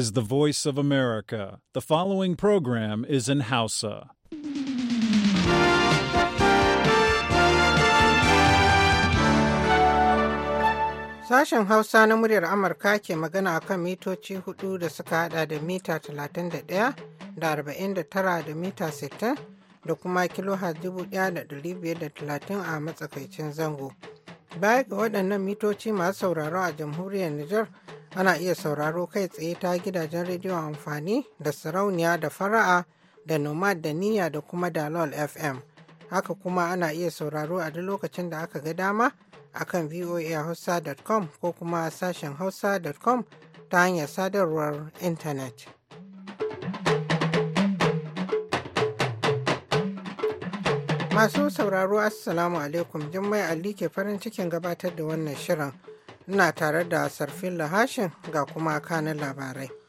is the voice of America. The following program is in Hausa. Sashen Hausa na muryar Amurka ke magana a kan mitoci hudu da suka hada da mita 31 da 49 da mita 60 da kuma kilohertz 1530 a matsakaicin zango. Baya ga waɗannan mitoci masu sauraro a jamhuriyar Nijar Ana iya sauraro kai tsaye ta gidajen rediyo amfani da sarauniya da fara'a da nomad da niyya da kuma dalol FM. Haka kuma ana iya sauraro a duk lokacin da aka ga dama akan voahausa.com ko kuma sashen hausa.com ta hanyar sadarwar intanet. Masu sauraro Assalamu alaikum Jummai Ali ke farin cikin gabatar da wannan shirin. Ina tare da Sarfin Lahashin ga kuma kanin labarai.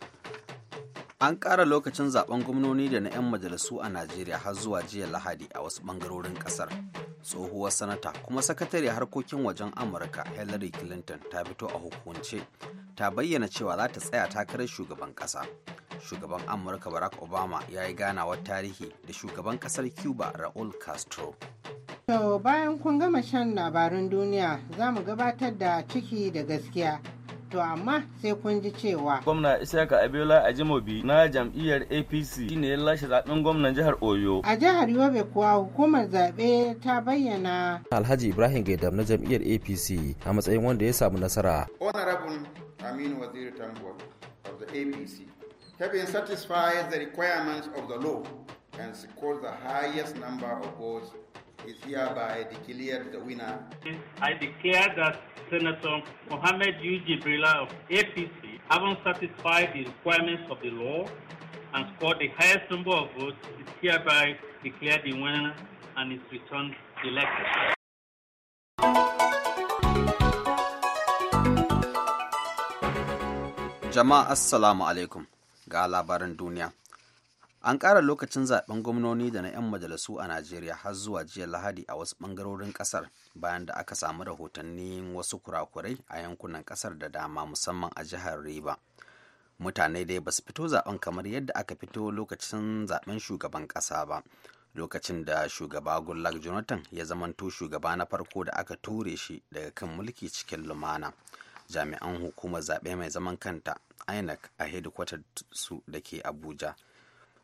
An ƙara lokacin zaben gwamnoni da na 'yan majalisu a Najeriya har zuwa jiya Lahadi a wasu ɓangarorin ƙasar. Tsohuwar sanata kuma sakatare harkokin wajen Amurka Hillary Clinton ta fito a hukunce ta bayyana cewa za ta tsaya takarar shugaban ƙasa. Shugaban Amurka Barack Obama ya yi ganawar tarihi da shugaban ƙasar Cuba Raul Castro. To bayan kun gama shan labarin duniya za mu gabatar da ciki da gaskiya To amma sai kun ji cewa. Gwamna Isaka Abiola Ajimobi na jam'iyyar APC shine ya lashe zaben gwamnan jihar Oyo. A jihar Yobe kuwa hukumar zaɓe ta bayyana. Alhaji Ibrahim Gaidam na jam'iyyar APC a matsayin wanda ya samu nasara. Honorable Aminu Waziri Tambo of the APC having satisfied the requirements of the law and scored the highest number of votes is hereby declared the winner. I declare that Senator Mohamed U. of APC, having satisfied the requirements of the law and scored the highest number of votes, is hereby declared the winner and is returned elected. Jama'a Assalamu alaikum ga labaran duniya. an ƙara lokacin zaben gwamnoni da na 'yan majalisu a najeriya har zuwa jiya lahadi a wasu ɓangarorin ƙasar bayan da aka samu rahotannin wasu kurakurai a yankunan ƙasar da dama musamman a jihar riba mutane dai ba su fito zaben kamar yadda aka fito lokacin zaben shugaban ƙasa ba lokacin da shugaba goodluck jonathan ya zamanto shugaba na farko da aka ture shi daga kan mulki cikin lumana jami'an hukumar zaɓe mai zaman kanta inec a hedikwatar su da ke abuja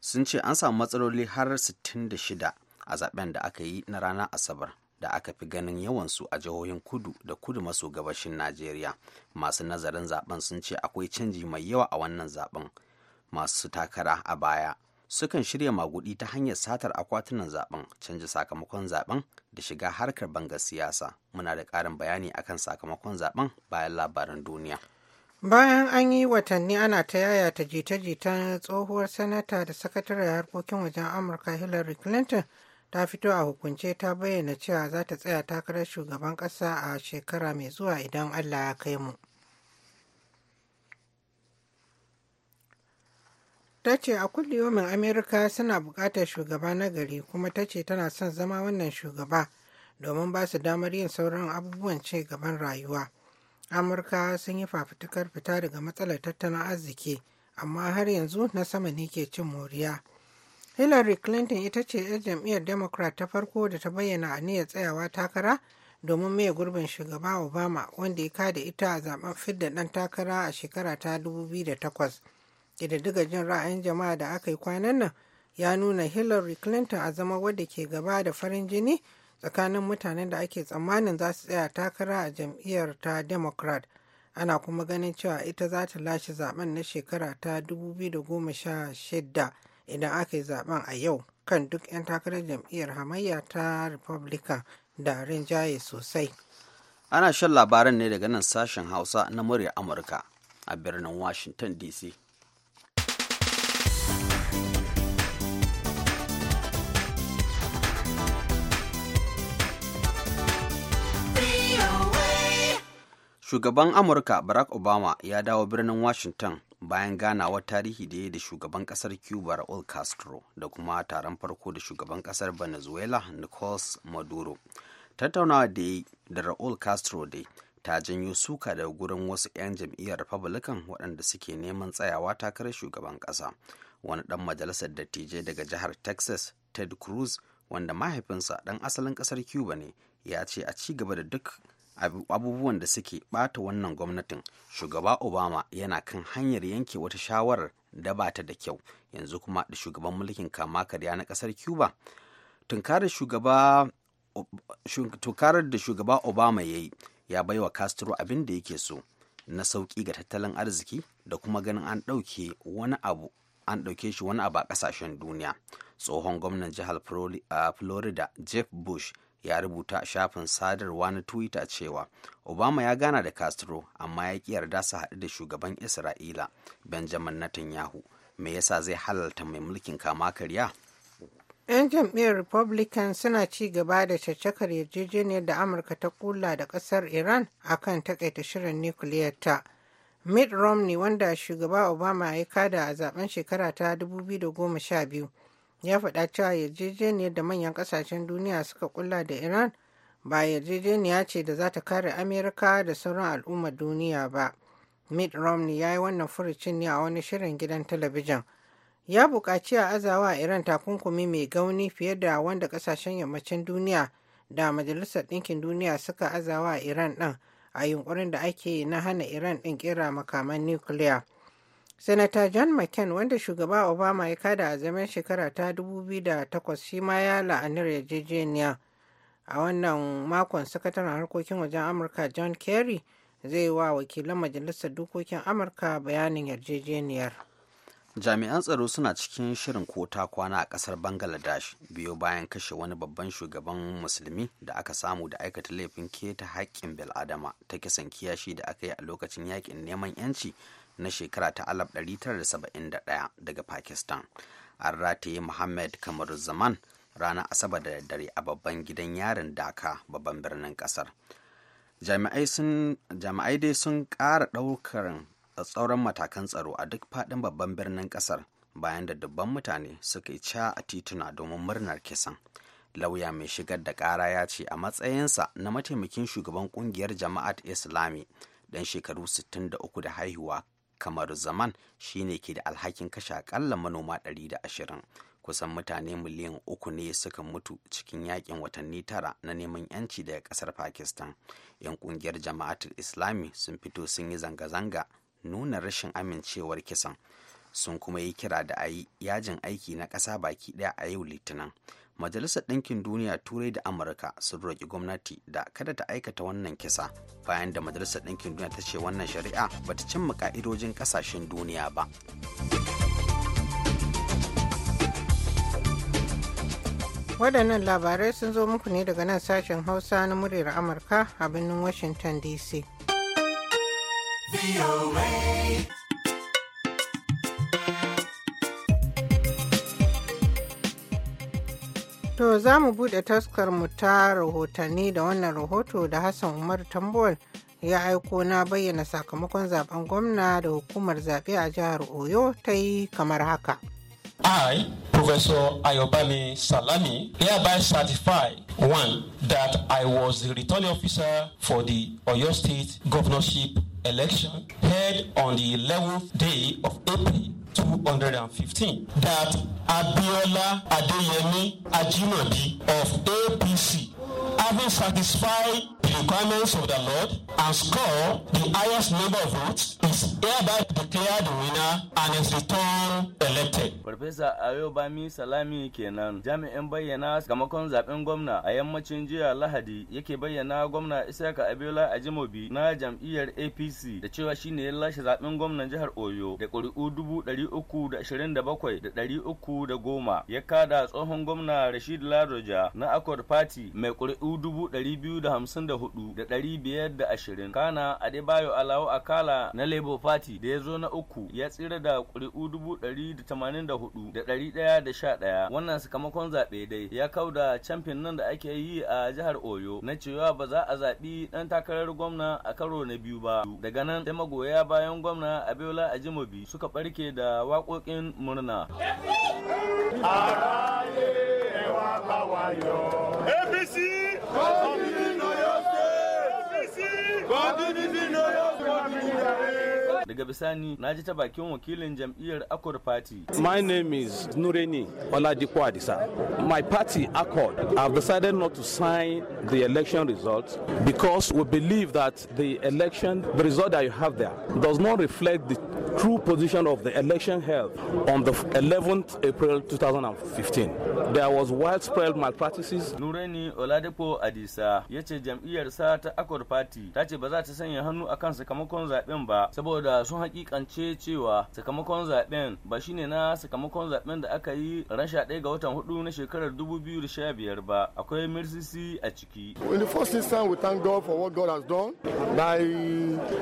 sun ce an samu matsaloli har 66 a zaben da aka yi na ranar asabar da aka fi ganin yawansu a jihohin kudu da kudu maso gabashin najeriya masu nazarin zaben sun ce akwai canji mai yawa a wannan zaben masu takara a baya sukan shirya magudi ta hanyar satar akwatunan zaben canji sakamakon zaben da shiga harkar bangar siyasa muna da ƙarin bayani akan sakamakon zaben bayan labaran duniya Bayan an yi watanni ana ta yaya ta jita-jitan tsohuwar sanata da sakataren harkokin wajen Amurka Hillary Clinton ta fito a hukunce ta bayyana cewa za ta tsaya takarar shugaban ƙasa a shekara mai zuwa idan Allah ya kai mu. ta ce a kulliyomin amerika suna bukatar shugaba na gari kuma ta ce tana son zama wannan shugaba domin ba su damar yin sauran abubuwan ce gaban rayuwa amurka sun yi fafutukar fita daga matsalar tattalin arziki amma har yanzu na sama ne ke cin moriya hillary clinton ita ce 'yar jam'iyyar democrat ta farko da ta bayyana a niyyar tsayawa takara domin mai gurbin shugaba obama wanda ya kada ita a zaben fidda dan takara a shekara ta 2008 ƙididdiga jin ra'ayin jama'a da aka yi kwanan nan ya nuna hillary clinton a zama wadda ke gaba da farin jini tsakanin mutanen da ake tsammanin za su tsaya takara a jam'iyyar ta democrat ana kuma ganin cewa ita za ta lashe zaben na shekara ta 2016 idan aka yi zaben a yau kan duk 'yan takarar jam'iyyar hamayya ta republican da rinjaye sosai ana shan labaran ne daga nan sashen hausa na murya amurka a birnin washington dc Shugaban Amurka Barack Obama ya dawo birnin Washington bayan ganawar tarihi da ya da shugaban kasar Cuba Raul Castro da kuma taron farko da shugaban kasar Venezuela Nicolas Maduro. Tattaunawa da ya da Raul Castro dai ta janyo suka da gurin wasu 'yan jam'iyyar Republican waɗanda suke neman tsayawa takarar shugaban ƙasa. Wani ɗan majalisar dattijai daga jihar Texas, Ted Cruz, wanda mahaifinsa ɗan asalin ƙasar Cuba ne, ya ce a ci gaba da duk abubuwan da suke ɓata wannan gwamnatin shugaba obama yana kan hanyar yanke wata shawarar da ba ta da kyau yanzu kuma da shugaban mulkin kama karya na ƙasar cuba tunkarar da shugaba obama ya yi ya baiwa castro abin da yake so na sauki ga tattalin arziki da kuma ganin an ɗauke wani abu an ɗauke shi wani abu a ƙasashen duniya tsohon gwamnan jihar florida jeff bush ya rubuta a shafin sadarwa na twitter cewa obama ya gana da castro amma ya ƙi yarda su haɗu da shugaban isra'ila benjamin netanyahu me yasa zai halalta mai mulkin kama karya 'yan jam'iyyar republican suna ci gaba da caccakar yarjejeniyar da amurka ta kula da kasar iran a akan takaita shirin nukiliyar ta mitt romney wanda shugaba obama ya kada a zaben shekara ta 2012 ya faɗa cewa yarjejeniyar da manyan ƙasashen duniya suka kula da iran ba yarjejeniya ce da za ta kare amerika da sauran al'ummar duniya ba mitt romney ya yi wannan furucin ne a wani shirin gidan talabijin ya buƙaci a azawa iran takunkumi mai gauni fiye da wanda ƙasashen yammacin duniya da majalisar ɗinkin duniya suka azawa iran ɗin a yunkurin da ake na hana iran ɗin ƙera makaman nukiliya. Senator John McCain wanda shugaba Obama ya kada a zaman shekara ta 2008 shi ma ya la'anar yarjejeniya. A wannan makon sakataren harkokin wajen Amurka John Kerry zai yi wa wakilan majalisar dokokin Amurka bayanin yarjejeniyar. Jami'an tsaro suna cikin shirin kota kwana a kasar Bangladesh biyo bayan kashe wani babban shugaban musulmi da aka samu da aikata laifin keta haƙƙin bil'adama ta kisan kiyashi da aka yi a lokacin yaƙin neman 'yanci na shekara ta 1971 daga pakistan an rataye muhammad kamar zaman ranar asabar da dare a babban gidan yarin daka babban birnin kasar jami'ai dai sun ƙara ɗaukar tsauran matakan tsaro a duk faɗin babban birnin kasar bayan da dubban mutane suka yi ca a tituna domin murnar kisan lauya mai shigar da ƙara ya ce a matsayinsa na mataimakin shugaban ƙungiyar jama'at islami dan shekaru 63 da haihuwa kamar zaman shine ke da alhakin kashe akalla manoma 120 kusan mutane miliyan uku ne suka mutu cikin yakin watanni tara na neman yanci daga kasar pakistan yan kungiyar jama'atul islami sun fito sun yi zanga-zanga nuna rashin amincewar kisan sun kuma yi kira da a yi yajin aiki na ƙasa baki ɗaya a yau litinin majalisar ɗinkin duniya turai da amurka sun roƙi gwamnati da kada ta aikata wannan kisa bayan da majalisar ɗinkin duniya ta ce wannan shari'a ba ta cimma ƙa'idojin ƙasashen duniya ba wadannan labarai sun zo muku ne daga nan sashen hausa na muryar amurka a birnin washington dc To za mu buɗe taskar mu ta rahotanni da wannan rahoto da Hassan Umar Tambol ya aiko na bayyana sakamakon zaben gwamna da hukumar zaɓe a jihar Oyo ta yi kamar haka. I, Professor Ayobami Salami, hereby certify one that I was the returning officer for the Oyo State governorship election held on the 11th day of April 215 that Abiola Adeyemi Ajimobi of APC having satisfied the requirements of the Lord and scored the highest number of votes, is hereby declared the winner and is returned elected. Farfesa Ayobami Salami kenan jami'in bayyana sakamakon zaben gwamna a yammacin jiya Lahadi yake bayyana gwamna Isaka Abiola Ajimobi na jam'iyyar APC da cewa shine ya lashe zaben gwamnan jihar Oyo da ƙuri'u dubu ɗari uku da ashirin da bakwai da ɗari uku da goma ya kada tsohon gwamna Rashid Ladoja na Accord Party mai ƙuri'u kana a kana adebayo alawo akala na labour party da ya zo na uku ya tsira da ƙuri'u ɗaya wannan sakamakon zaɓe dai ya da camfin nan da ake yi a jihar oyo na cewa ba za a zaɓi ɗan takarar gwamna a karo na biyu ba daga nan sai magoya bayan gwamna a a abiola ajimobi suka ɓarke da waƙoƙin murna. APC Godimizin Oyo State! Godimizin Oyo State! Daga bisani na ji ta bakin wakilin jam'iyyar Accord Party. My name is Nureni Oladipo Adisa. My party Accord have decided not to sign the election results because we believe that the election, the result that you have there, does not reflect the true position of the election held on the 11th April 2015. There was widespread malpractices. Nureni Oladipo Adisa ya ce jam'iyyarsa ta Accord Party ta ce ba za ta sanya hannu akan sakamakon ba saboda sun hakikance cewa sakamakon zaben ba shine na sakamakon zaben da aka yi ran 11 ga watan hudu na shekarar 2015 ba akwai mercy a ciki in the first instance we thank God for what God has done by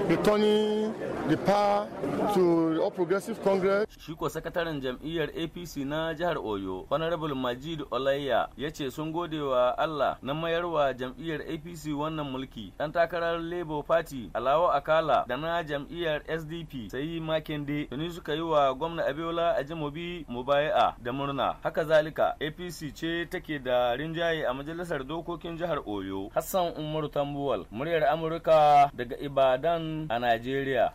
returning the power to the All Progressive Congress shi ko sakataren jam'iyyar APC na jihar Oyo Honorable Majid Olaiya ya ce sun gode wa Allah na mayarwa jam'iyyar APC wannan mulki dan takarar Labour Party Alawo Akala da na jam'iyyar SD SDP sai Makinde tuni suka yi wa gwamna Abiola Ajimobi Mubai'a da murna. Haka zalika APC ce take da rinjaye a majalisar dokokin jihar Oyo. Hassan Umar Tambuwal muryar Amurka daga Ibadan a Najeriya.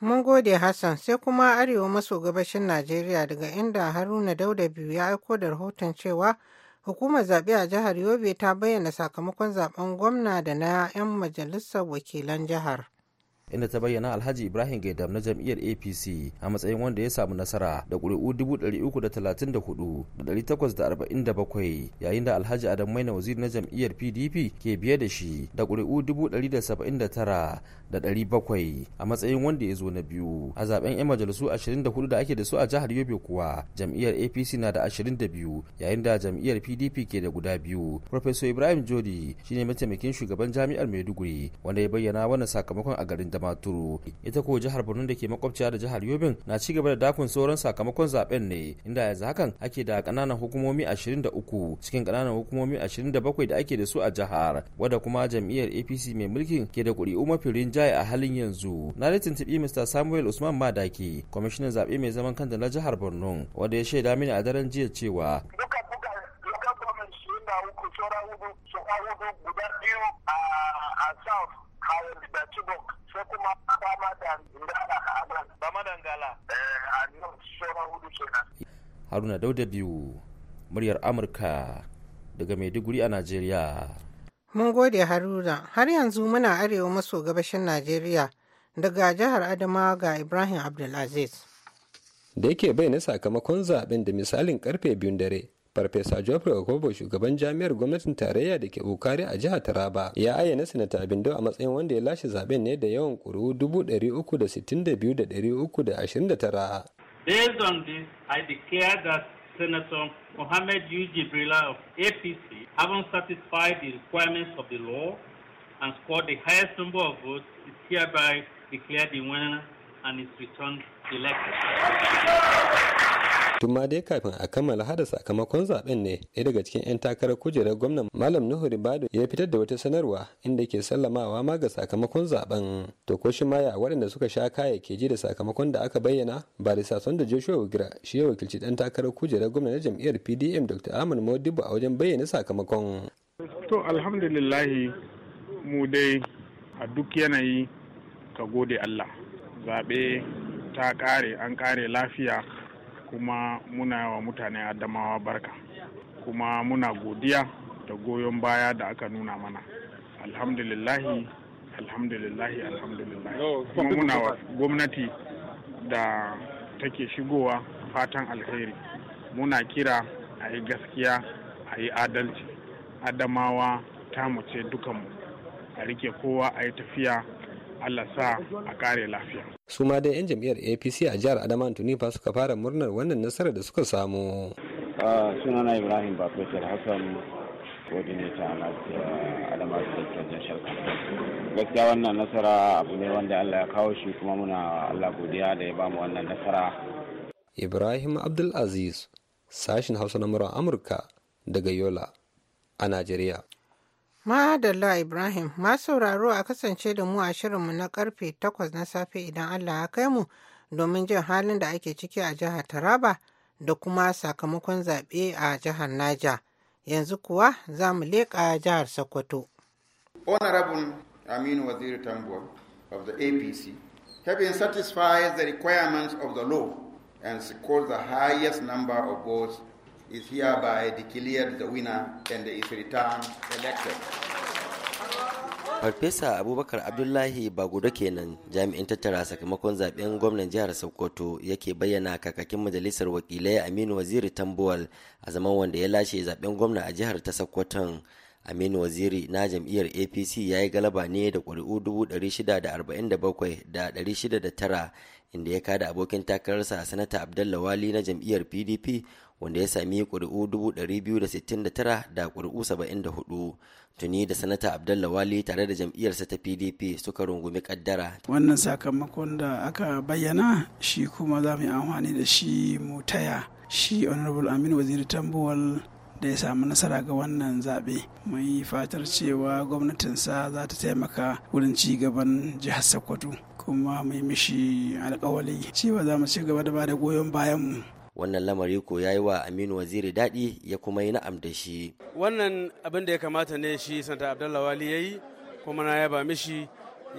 Mun gode Hassan sai kuma arewa maso gabashin Najeriya daga inda Haruna Dauda biyu ya aiko da rahoton cewa hukumar zaɓe a jihar Yobe ta bayyana sakamakon zaben gwamna da na 'yan majalisar wakilan jihar. inda ta bayyana alhaji ibrahim gaidam na jam'iyyar apc a matsayin wanda ya samu nasara da ƙuri'u 334,847 yayin da alhaji adam maina waziri na jam'iyyar pdp ke biye da shi da ƙuri'u da ɗari bakwai a matsayin wanda ya zo na biyu a zaben 'yan majalisu ashirin da hudu da ake da su a jihar yobe kuwa jam'iyyar apc na da ashirin da biyu yayin da jam'iyyar pdp ke da guda biyu professor ibrahim jodi shine mataimakin shugaban jami'ar maiduguri wanda ya bayyana wannan sakamakon a garin damaturu ita ko jihar borno da ke makwabciya da jihar yobe na ci gaba da dakon sauran sakamakon zaben ne inda yanzu hakan ake da kananan hukumomi ashirin da uku cikin kananan hukumomi ashirin da bakwai da ake da su a jihar wadda kuma jam'iyyar apc mai mulkin ke da kuri'u mafi rinjaye a halin yanzu na da tuntuɓi mr samuel usman madaki kwamishinan zaɓe mai zaman kanta na jihar borno wanda ya shaida mini a daren jiya cewa duka duka da sai kuma eh, haruna dauda biyu muryar amurka daga maiduguri a najeriya Mun gode Haruna, har yanzu muna arewa maso gabashin Najeriya daga jihar Adamawa ga Ibrahim Abdulaziz. Da yake bai na sakamakon zaben da misalin karfe biyun dare, Farfesa Jofre Okobo shugaban jami'ar gwamnatin tarayya da ke Bukari a jihar Taraba ya ayyana Sanata Bindo a matsayin wanda ya lashe zaben ne da yawan ƙuri'u 362,329. Based on this, I declare that Senator Mohammed Yuji Brila of APC having satisfied the requirements of the law and scored the highest number of votes, is hereby declared the winner and is returned elected. tun ma dai kafin a kammala hada sakamakon zaben ne ɗaya daga cikin 'yan takarar kujerar gwamnan malam nuhu ribado ya fitar da wata sanarwa inda ke sallamawa ma ga sakamakon zaben to ko shi maya waɗanda suka sha kaya ke ji da sakamakon da aka bayyana ba da sason da joshua wigira shi ya wakilci ɗan takarar kujerar gwamna na jam'iyyar pdm dr ahmad modibo a wajen bayyana sakamakon to alhamdulillahi mu dai a duk yanayi ka gode allah zaɓe ta ƙare an ƙare lafiya kuma muna wa mutane adamawa barka kuma muna godiya da goyon baya da aka nuna mana alhamdulillahi alhamdulillahi alhamdulillahi kuma muna wa gwamnati da take shigowa fatan alheri muna kira a yi gaskiya a yi adalci adamawa ta mace dukanmu a rike kowa a yi tafiya Allah sa a kare lafiya. Su ma dai 'yan jam'iyyar APC a jihar Adama Tuni fa suka fara murnar wannan nasarar da suka samu. Sunana Ibrahim Bakwajar Hassan coordinator na Adama da sharka gaskiya wannan nasara abu ne wanda allah ya kawo shi kuma muna allah godiya da ya bamu wannan nasara ibrahim abdulaziz sashin hausa na amurka daga yola a najeriya Madalla Ibrahim, ma sauraro a kasance da mu a shirinmu na karfe takwas na safe idan Allah ya kai mu domin jin halin da ake ciki a jihar Taraba da kuma sakamakon zaɓe a jihar Naja. Yanzu kuwa za mu leƙa jihar Sokoto. Honorable Aminu Waziri Tambuwa of the APC, having satisfied the requirements of the law and secured the highest number of votes is hereby declared the winner and is returned elected. Farfesa Abubakar Abdullahi Bagudo kenan jami'in tattara sakamakon zaben gwamnan jihar Sokoto yake bayyana kakakin majalisar wakilai Aminu Waziri Tambuwal a zaman wanda ya lashe zaben gwamna a jihar ta Sokoton. Aminu Waziri na jam'iyyar APC ya yi galaba ne da ƙuri'u da tara inda ya kada abokin takararsa a sanata abdullawali na jam'iyyar PDP wanda ya sami ƙuri'u 269 da ƙuri'u 74 tuni da sanata Abdullahi wali tare da jam'iyyarsa ta pdp suka rungumi kaddara wannan sakamakon da aka bayyana shi kuma za mu yi amfani da shi mu taya shi honorable aminu waziri tambuwal da ya samu nasara ga wannan zaɓe mai fatar cewa gwamnatinsa za ta taimaka wurin ci gaban jihar sokoto kuma mai mishi alkawali cewa za mu ci gaba da ba da goyon bayanmu wannan lamari ko ya yi wa aminu waziri daɗi ya kuma yi na'am da shi wannan abin da ya kamata ne shi santa abdallah ya yi kuma na yaba mishi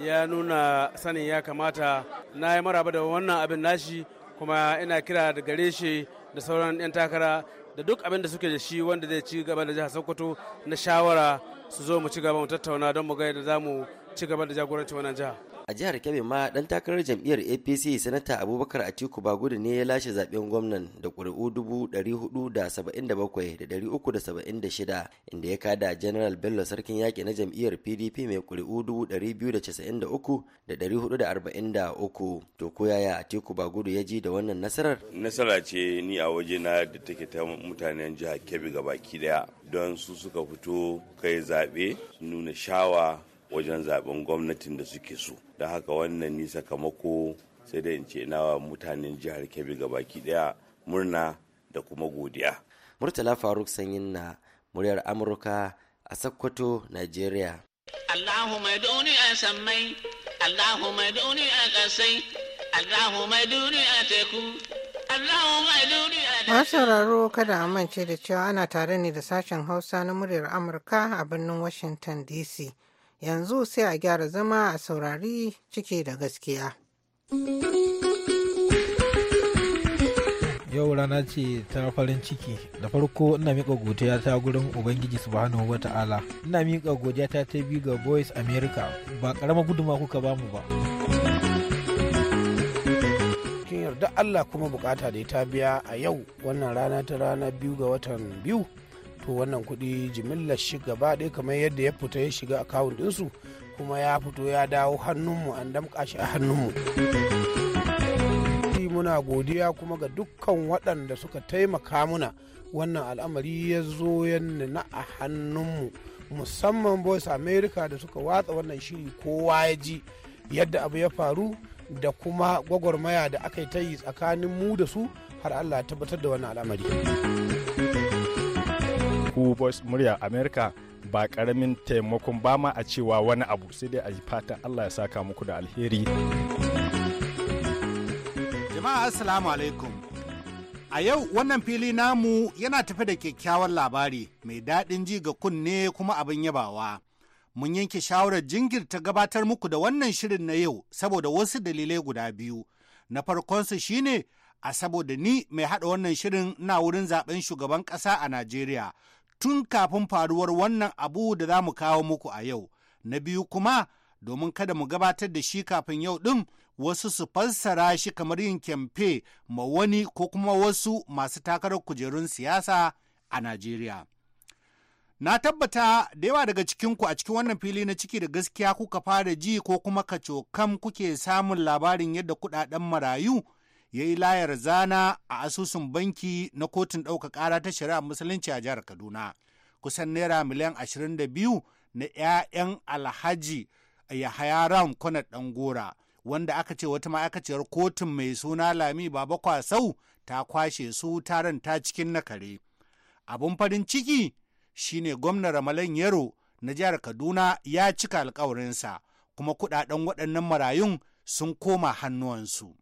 ya nuna sanin ya kamata na yi maraba da wannan abin nashi kuma ina kira da gare shi da sauran 'yan takara da duk abin da suke da shi wanda zai ci gaba da jihar sokoto na shawara su zo mu ci gaba mu tattauna don mu ga yadda za mu ci gaba da jagoranci wannan jiha a jihar kebbi ma dan takarar jam'iyyar apc sanata abubakar atiku bagudu ne ya lashe zaben gwamnan da ƙuri'u dubu da saba'in inda ya kada general bello sarkin yaƙi na jam'iyyar pdp mai ƙuri'u dubu ɗari biyu da casa'in to ko yaya atiku bagudu ya ji da wannan nasarar. nasara ce ni a waje na da take ta mutanen jihar kebbi gabaki daya don su suka fito kai zaɓe nuna shawa wajen zaben gwamnatin da suke so don haka wannan ni sakamako sai dai in ce na mutanen jihar kebbi baki daya murna da kuma godiya murtala faruk sanyin na muryar amurka a sakkwato nigeria Masu sauraro kada a mance da cewa ana tare ne da sashen Hausa na muryar Amurka a birnin Washington DC. yanzu sai a gyara zama a saurari ciki da gaskiya. Yau rana ce ta farin ciki da farko ina miƙa godiya ta gurin Ubangiji Subhanahu wa ta'ala. Ina miƙa godiya ta ta biyu ga Boys America ba ƙarama guduma kuka bamu ba. kin yarda Allah kuma bukata da ta biya a yau wannan rana ta rana biyu ga watan biyu to wannan kuɗi jimillar shi gaba ɗaya kamar yadda ya fita ya shiga akawun ɗinsu kuma ya fito ya dawo hannunmu an damƙa shi a hannunmu muna godiya kuma ga dukkan waɗanda suka taimaka muna wannan al'amari ya zo na a hannunmu musamman voice america da suka watsa wannan shiri kowa ya ji yadda abu ya faru da kuma gwagwarmaya da aka yi ta yi tsakanin mu da su har allah tabbatar da wannan al'amari. ku voice murya america ba karamin taimakon ba ma a cewa wani abu sai dai a yi fata allah ya saka muku da alheri jama'a assalamu alaikum a yau wannan fili namu yana tafi da kyakkyawan labari mai daɗin ji ga kunne kuma abin yabawa mun yanke shawarar jingirta gabatar muku da wannan shirin na yau saboda wasu dalilai guda biyu na farkonsu shine a saboda ni mai haɗa wannan shirin na wurin zaben shugaban ƙasa a Najeriya tun kafin faruwar wannan abu da za mu kawo muku a yau. Na biyu kuma, domin kada mu gabatar da shi kafin yau ɗin wasu su fassara shi kamar yin kyamfe ma wani ko kuma wasu masu takarar kujerun siyasa a Najeriya. Na tabbata da yawa daga cikinku a cikin wannan fili na ciki da gaskiya kuka fara ji ko kuma kacokam kuke samun labarin yadda kuɗaɗen marayu ya yi layar zana a asusun banki na kotun ɗauka ƙara ta shari'a musulunci a jihar kaduna kusan naira miliyan 22 na 'ya'yan alhaji yahaya ram kwanar ɗangora wanda aka ce wata ma'aikaciyar kotun mai suna lami baba kwasau ta kwashe su taron ta cikin na kare Abin farin ciki shine gwamnan ramalan yaro na jihar kaduna ya cika alkawarinsa kuma kudaden waɗannan marayun sun koma hannuwansu.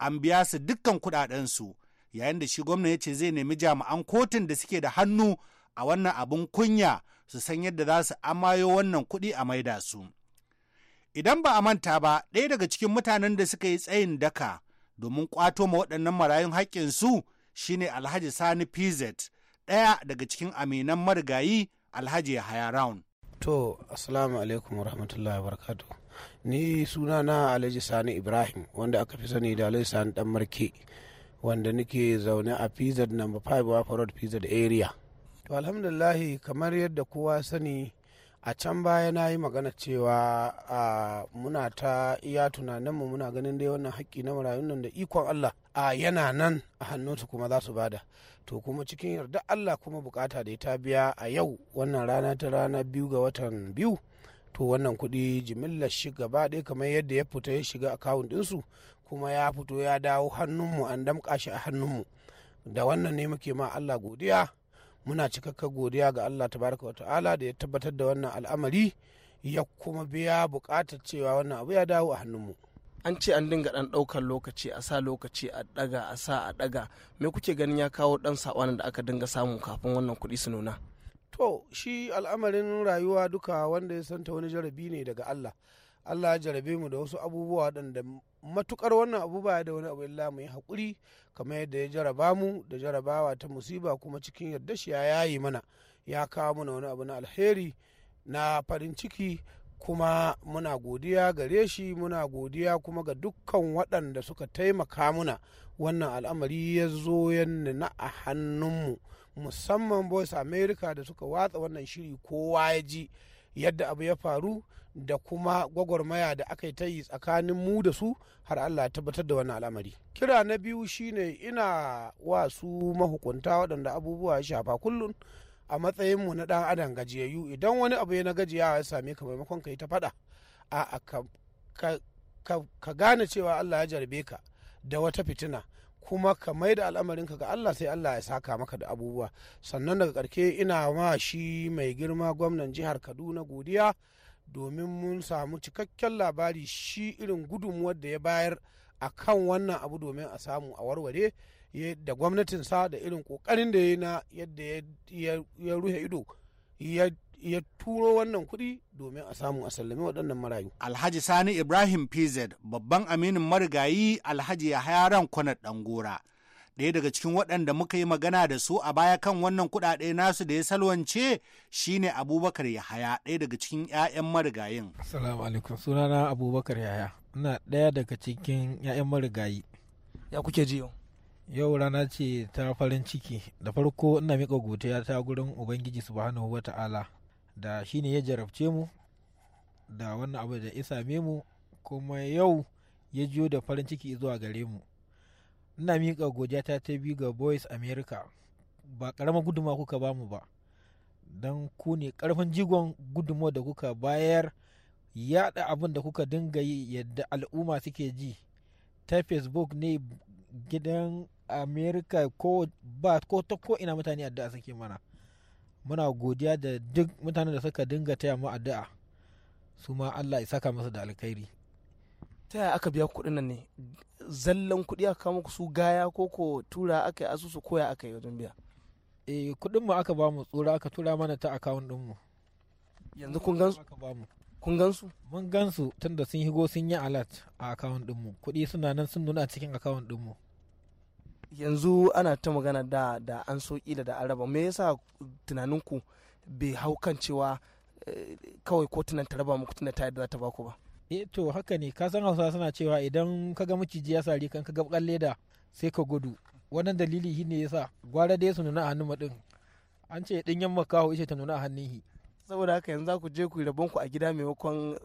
an biya su dukkan su yayin da shi gwamna ya ce zai nemi jami'an kotun da suke da hannu a wannan abun kunya su san yadda za su amayo wannan kuɗi a maida su. Idan ba a manta ba, ɗaya daga cikin mutanen da suka yi tsayin daka domin ƙwato ma waɗannan marayun su shine Alhaji Sani pz ɗaya daga cikin aminan marigayi Alhaji Yahaya Round. To, Assalamu alaikum wa rahmatullahi wa barakatuh. ni suna na alhaji sani ibrahim wanda aka fi sani da alhaji sani dan marke wanda nake zaune a pz number 5 wafa road pz area to alhamdulillahi kamar yadda kowa sani a can baya na yi magana cewa a muna ta iya tunaninmu muna ganin dai wannan haƙƙi na marayun nan da ikon Allah a yana nan a hannunsu kuma za su bada to kuma cikin yarda Allah kuma bukata da ta biya a yau wannan rana ta rana biyu ga watan biyu to wannan kuɗi jimillar shi gaba ɗaya kamar yadda ya fita ya shiga akawun ɗinsu kuma ya fito ya dawo hannunmu an damƙa shi a hannunmu da wannan ne muke ma Allah godiya muna cikakka godiya ga Allah tabaraka wata'ala da ya tabbatar da wannan al'amari ya kuma biya buƙatar cewa wannan abu ya dawo a hannunmu an ce an dinga ɗan ɗaukar lokaci a sa lokaci a ɗaga a sa a ɗaga me kuke ganin ya kawo ɗan saɓanin da aka dinga samu kafin wannan kuɗi su nuna To, shi al'amarin rayuwa duka wanda ya santa wani jarabi ne daga Allah. Allah ya jarabe mu da wasu abubuwa waɗanda matukar wannan abu baya da wani abu illa mu yi haƙuri kamar yadda ya jaraba mu da jarabawa ta musiba kuma cikin yadda shi ya yi mana ya kawo mana wani abu na alheri na farin ciki kuma muna godiya gare shi muna godiya kuma ga dukkan waɗanda suka taimaka muna wannan al'amari ya zo na a hannunmu musamman voice america da suka watsa wannan shiri kowa ya ji yadda abu ya faru da kuma gwagwarmaya da aka yi ta yi tsakanin mu da su har allah ya tabbatar da wannan al'amari kira na biyu shine ina wa su mahukunta waɗanda abubuwa ya shafa kullum a matsayinmu na ɗan adam gajiyayyu idan wani abu ya na gajiya ya same ka maimakon ka yi ta faɗa a ka gane cewa allah ya jarbe ka da wata fitina kuma ka mai da ka ga Allah sai Allah ya saka maka da abubuwa sannan daga karke ina ma shi mai girma gwamnan jihar Kaduna godiya domin mun samu cikakken labari shi irin gudunmuwar da ya bayar a kan wannan abu domin a samu a warware da gwamnatinsa da irin kokarin da ya na yadda ya ruhe ido ya iya turo wannan kuɗi domin a samu a sallame waɗannan marayu. Alhaji Sani Ibrahim PZ babban aminin marigayi Alhaji Yahaya Ran Kwanat Ɗangora. ɗaya daga cikin waɗanda muka yi magana da su a baya kan wannan kuɗaɗe nasu da ya salwance shine abubakar yahaya ɗaya daga cikin 'ya'yan marigayin assalamu alaikum sunana abubakar yahaya ina ɗaya daga cikin 'ya'yan marigayi ya kuke ji yau yau rana ce ta farin ciki da farko ina miƙa godiya ta gurin ubangiji subhanahu ta'ala. da shine ya jarabce mu da wannan abu da ya same mu kuma yau ya jiyo da farin ciki zuwa gare mu ina miƙa godiya ta biyu ga boys america ba ƙaramar guduma kuka ba mu ba don ku ne ƙarfin jigon gudumo da kuka bayar yada abin da kuka dinga yi yadda al'umma suke ji ta facebook ne gidan america ko ba ko ta ko ina mutane addu'a suke mana muna godiya da duk mutanen da suka dinga taya mu addu'a su ma Allah ya saka masu da alkhairi ta yaya aka biya kuɗin nan ne zallan kuɗi aka kawo muku su gaya ko ko tura aka yi asusu koya aka yi wajen biya eh kuɗin mu aka ba mu tsura aka tura mana ta akawun ɗin mu yanzu kun gan su? kun gan su mun gan su tunda sun higo sun yi alert a akawun ɗin mu kuɗi suna nan sun nuna a cikin akawun ɗin mu yanzu ana ta magana da da an so kila da an raba me yasa tunaninku bai hau kan cewa eh, kawai kotunan ta raba muku tunan ta yadda za ta baku ba e to haka ne ka san hausa suna cewa idan ka ga maciji ya sari kan ka ga bakan leda sai ka gudu wannan dalili shi ne yasa gwara dai su nuna a hannun madin an ce yamma makaho ishe ta nuna a hannun hi saboda haka yanzu za ku je ku rabon ku a gida maimakon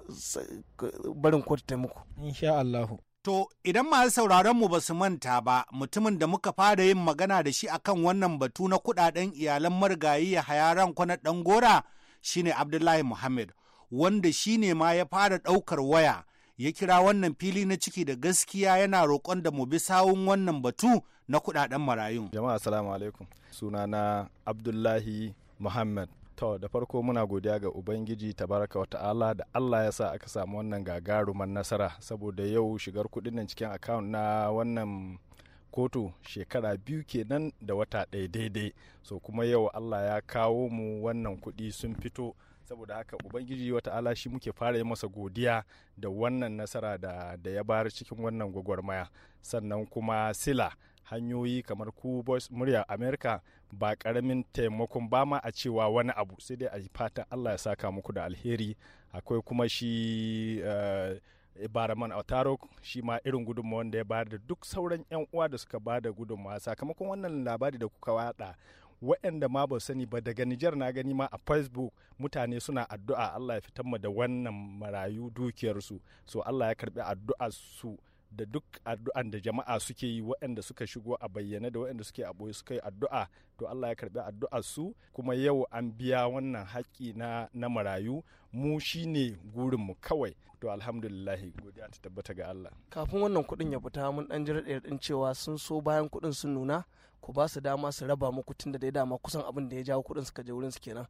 barin kotu ta muku insha allahu. To idan masu sauraron mu ba su manta ba mutumin da muka fara yin magana da shi akan wannan batu na kudaden iyalan marigayi ya haya ranko kwana dan gora shine Abdullahi Muhammad wanda shine ma ya fara daukar waya ya kira wannan fili na ciki da gaskiya yana roƙon da mu bi sawun wannan batu na kudaden marayun. Jama'a assalamu alaikum. Sunana Abdullahi Muhammad To da farko muna godiya ga Ubangiji tabaraka wa ta'ala da Allah ya sa aka samu wannan gagaruman nasara saboda yau shigar kuɗin nan cikin account na wannan kotu shekara biyu kenan da wata ɗaya daidai so kuma yau Allah ya kawo mu wannan kuɗi sun fito saboda haka ubangiji wata ala shi muke fara yi masa godiya da wannan nasara da, da ya bayar cikin wannan gwagwarmaya sannan kuma sila hanyoyi kamar ku boys murya america ba karamin taimakon ba ma a cewa wani abu sai dai a fatan allah ya saka muku da alheri akwai kuma shi eh, baraman otaro shi ma irin gudunmawa da ya bayar da duk sauran 'yan uwa da suka ba da gudunmawa sakamakon wannan labari da kuka wada waɗanda ma ba sani ba daga Nijar na gani ma a Facebook mutane suna addu'a Allah ya fitar da wannan marayu dukiyarsu so Allah ya karbi addu'ar su da duk addu'an da jama'a suke yi waɗanda suka shigo a bayyane da waɗanda suke a ɓoye suka yi addu'a to Allah ya karbi addu'ar su kuma yau an biya wannan haƙƙi na na marayu mu shine gurin mu kawai to alhamdulillah godiya ta tabbata ga Allah kafin wannan kuɗin ya fita mun dan jira din cewa sun so bayan kuɗin sun nuna ku ba su dama su raba muku tun da dai dama kusan abin da ya jawo kuɗin suka je wurin su kenan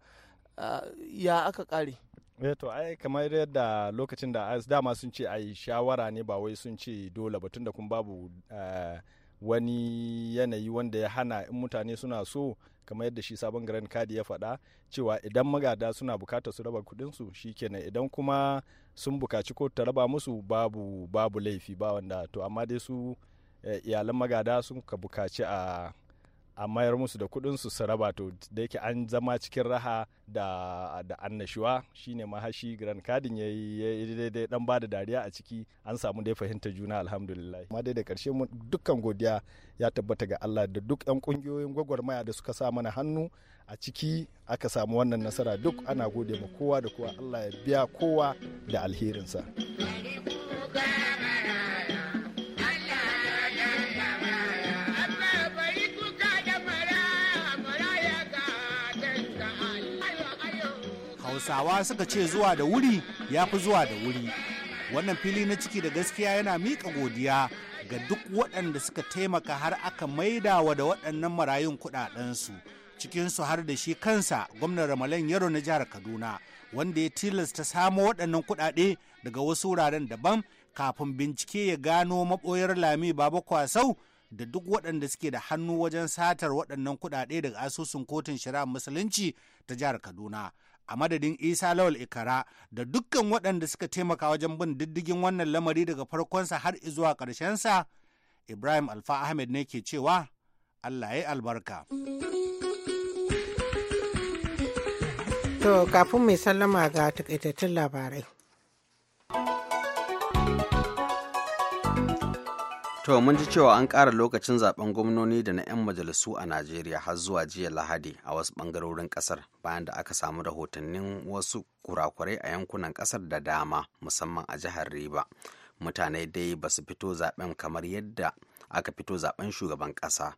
ah, ya aka ƙare eh to ai kamar yadda lokacin da as dama sun ce ai shawara ne ba wai sun ce dole ba da kun babu eh, wani yanayi wanda ya hana in mutane suna so kamar yadda shi sabon garin kadi ya faɗa cewa idan magada suna bukatar su raba kuɗinsu kenan idan kuma sun bukaci ko ta raba musu babu babu laifi ba wanda to amma dai su eh, iyalan magada sun ka bukaci a a mayar musu da kuɗin su su raba to da yake an zama cikin raha da annashuwa shine mahashi grand kadin ya yi dai dan bada dariya a ciki an samu dai fahimta juna alhamdulillah amma dai da karshe mu dukkan godiya ya tabbata ga Allah da duk yan kungiyoyin gwagwarmaya da suka sa mana hannu a ciki aka samu wannan nasara duk ana gode ma kowa da kowa Allah ya biya kowa da alherinsa. hausawa suka ce zuwa da wuri ya fi zuwa da wuri wannan fili na ciki da gaskiya yana miƙa godiya ga duk waɗanda suka taimaka har aka maidawa da waɗannan marayun kuɗaɗensu cikinsu har da shi kansa gwamnan ramalan yaro na jihar kaduna wanda ya tilasta samo waɗannan kuɗaɗe daga wasu wuraren daban kafin bincike ya gano maɓoyar lami baba kwasau da duk waɗanda suke da hannu wajen satar waɗannan kuɗaɗe daga asusun kotun shari'a musulunci ta jihar kaduna a madadin isa lawal ikara da dukkan waɗanda suka taimaka wajen bin diddigin wannan lamari daga farkonsa har zuwa ƙarshensa ibrahim alfa ahmed ne ke cewa allah ya albarka to kafin mai sallama ga takaitattun labarai To mun ji cewa an ƙara lokacin zaben gwamnoni da na 'yan majalisu a Najeriya har zuwa jiya Lahadi a wasu ɓangarorin ƙasar bayan da aka samu rahotannin wasu kurakurai a yankunan ƙasar da dama musamman a jihar Riba. Mutane dai ba su fito zaben kamar yadda aka fito zaben shugaban ƙasa.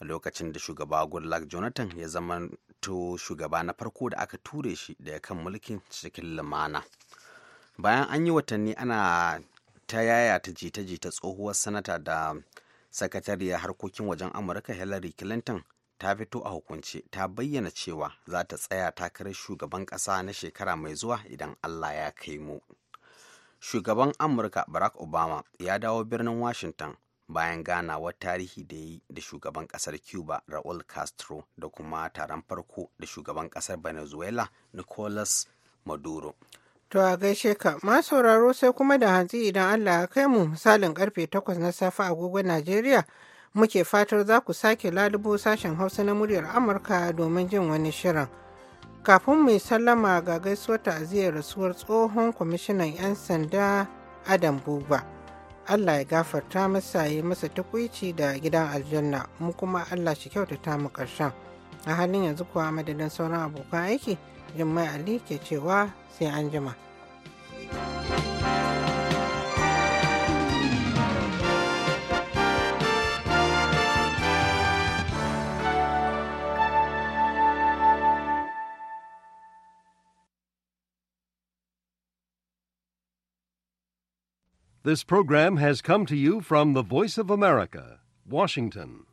A lokacin da shugaba Goodluck Jonathan ya zama to shugaba na farko da aka ture shi da ya kan mulkin cikin lumana. Bayan an yi watanni ana ta yaya ta jita-jita tsohuwar sanata da sakatariyar harkokin wajen amurka hillary clinton ta fito a hukunci ta bayyana cewa za ta tsaya takarar shugaban ƙasa na shekara mai zuwa idan allah ya kai mu shugaban amurka barack obama ya dawo birnin washington bayan ganawar tarihi da yi da shugaban ƙasar cuba raul castro da kuma taron farko da shugaban ƙasar venezuela nicolas maduro To a gaishe ka, ma sauraro sai kuma da hantsi idan Allah ya kai mu misalin karfe 8 na safe a agogo Najeriya muke fatar za ku sake lalubo sashen Hausa na muryar Amurka domin jin wani shirin. Kafin mu sallama ga gaisuwar ta'aziyar rasuwar tsohon kwamishinan 'yan sanda Adam Buba. Allah ya gafarta masa ya masa tukwici da gidan aljanna mu kuma Allah shi kyautata mu ƙarshen. a halin yanzu kuwa madadin sauran abokan aiki ali ke cewa sai an jima. This program has come to you from the Voice of America, Washington.